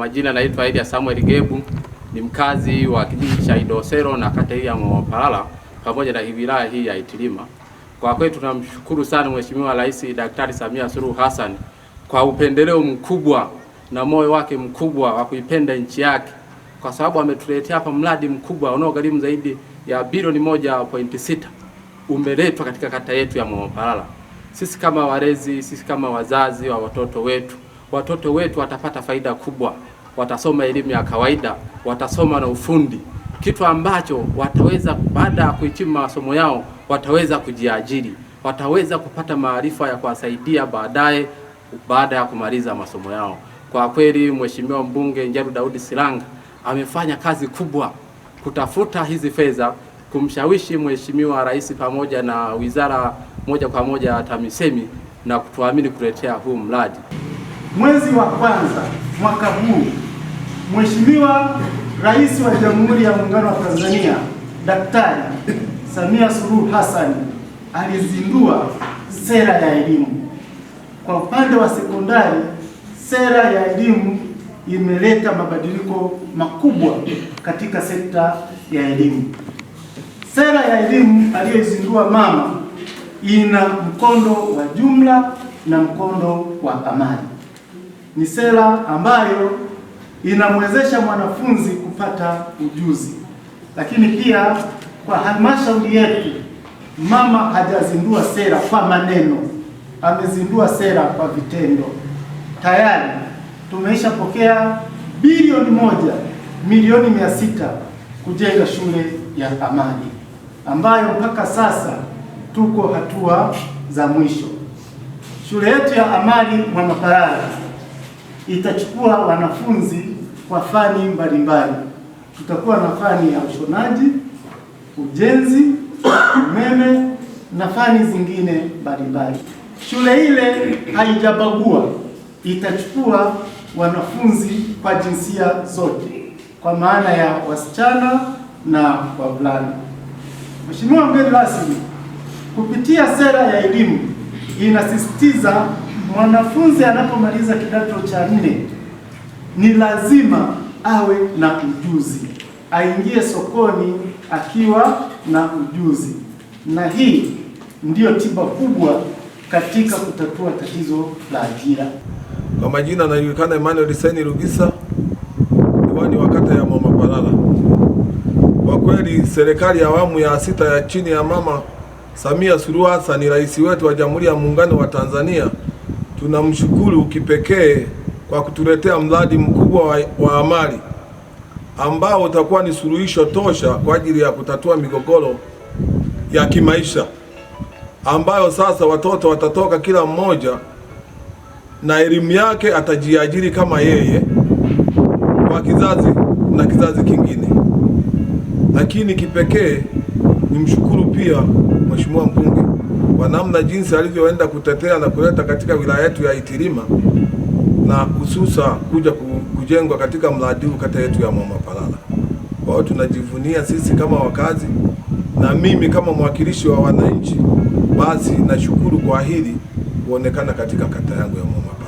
majina naitwa Elia Samuel Gebu, ni mkazi wa kijiji cha Idosero na kata hii ya Mwapalala pamoja na wilaya hii ya Itilima. Kwa kweli tunamshukuru sana Mheshimiwa Rais Daktari Samia Suluhu Hassan kwa upendeleo mkubwa na moyo wake mkubwa wa kuipenda nchi yake, kwa sababu ametuletea hapa mradi mkubwa unaogharimu zaidi ya bilioni moja pointi sita umeletwa katika kata yetu ya Mwapalala. Sisi kama walezi, sisi kama wazazi wa watoto wetu watoto wetu watapata faida kubwa, watasoma elimu ya kawaida, watasoma na ufundi, kitu ambacho wataweza baada ya kuhitimu masomo yao wataweza kujiajiri, wataweza kupata maarifa ya kuwasaidia baadaye baada ya kumaliza masomo yao. Kwa kweli, Mheshimiwa Mbunge Njaru Daudi Silanga amefanya kazi kubwa kutafuta hizi fedha kumshawishi Mheshimiwa Rais pamoja na wizara moja kwa moja ya TAMISEMI na kutuamini kuletea huu mradi mwezi wa kwanza mwaka huu, Mheshimiwa Rais wa Jamhuri ya Muungano wa Tanzania Daktari Samia Suluhu Hassan alizindua sera ya elimu. Kwa upande wa sekondari, sera ya elimu imeleta mabadiliko makubwa katika sekta ya elimu. Sera ya elimu aliyoizindua mama ina mkondo wa jumla na mkondo wa amali ni sera ambayo inamwezesha mwanafunzi kupata ujuzi, lakini pia kwa halmashauri yetu mama hajazindua sera kwa maneno, amezindua sera kwa vitendo. Tayari tumeshapokea bilioni moja milioni mia sita kujenga shule ya amani ambayo mpaka sasa tuko hatua za mwisho. Shule yetu ya amani Mwamaparara itachukua wanafunzi kwa fani mbalimbali. Tutakuwa na fani ya ushonaji, ujenzi, umeme na fani zingine mbalimbali. Shule ile haijabagua, itachukua wanafunzi kwa jinsia zote, kwa maana ya wasichana na wavulana. Mheshimiwa mgeni rasmi, kupitia sera ya elimu inasisitiza mwanafunzi anapomaliza kidato cha nne ni lazima awe na ujuzi, aingie sokoni akiwa na ujuzi, na hii ndiyo tiba kubwa katika kutatua tatizo la ajira. Kwa majina anajulikana Emmanuel Saini Rugisa, diwani wa kata ya Mama Palala. Kwa kweli serikali ya awamu ya sita ya chini ya Mama Samia Suluhu Hassan, rais wetu wa Jamhuri ya Muungano wa Tanzania tunamshukuru kipekee kwa kutuletea mradi mkubwa wa, wa amali ambao utakuwa ni suluhisho tosha kwa ajili ya kutatua migogoro ya kimaisha ambayo sasa watoto watatoka kila mmoja na elimu yake atajiajiri kama yeye kwa kizazi na kizazi kingine. Lakini kipekee nimshukuru pia Mheshimiwa mbunge kwa namna jinsi alivyoenda kutetea na kuleta katika wilaya yetu ya Itilima na hususa kuja kujengwa katika mradi huu kata yetu ya Mwamapalala. Kwa hiyo tunajivunia sisi kama wakazi na mimi kama mwakilishi wa wananchi, basi nashukuru kwa hili kuonekana katika kata yangu ya Mwamapalala.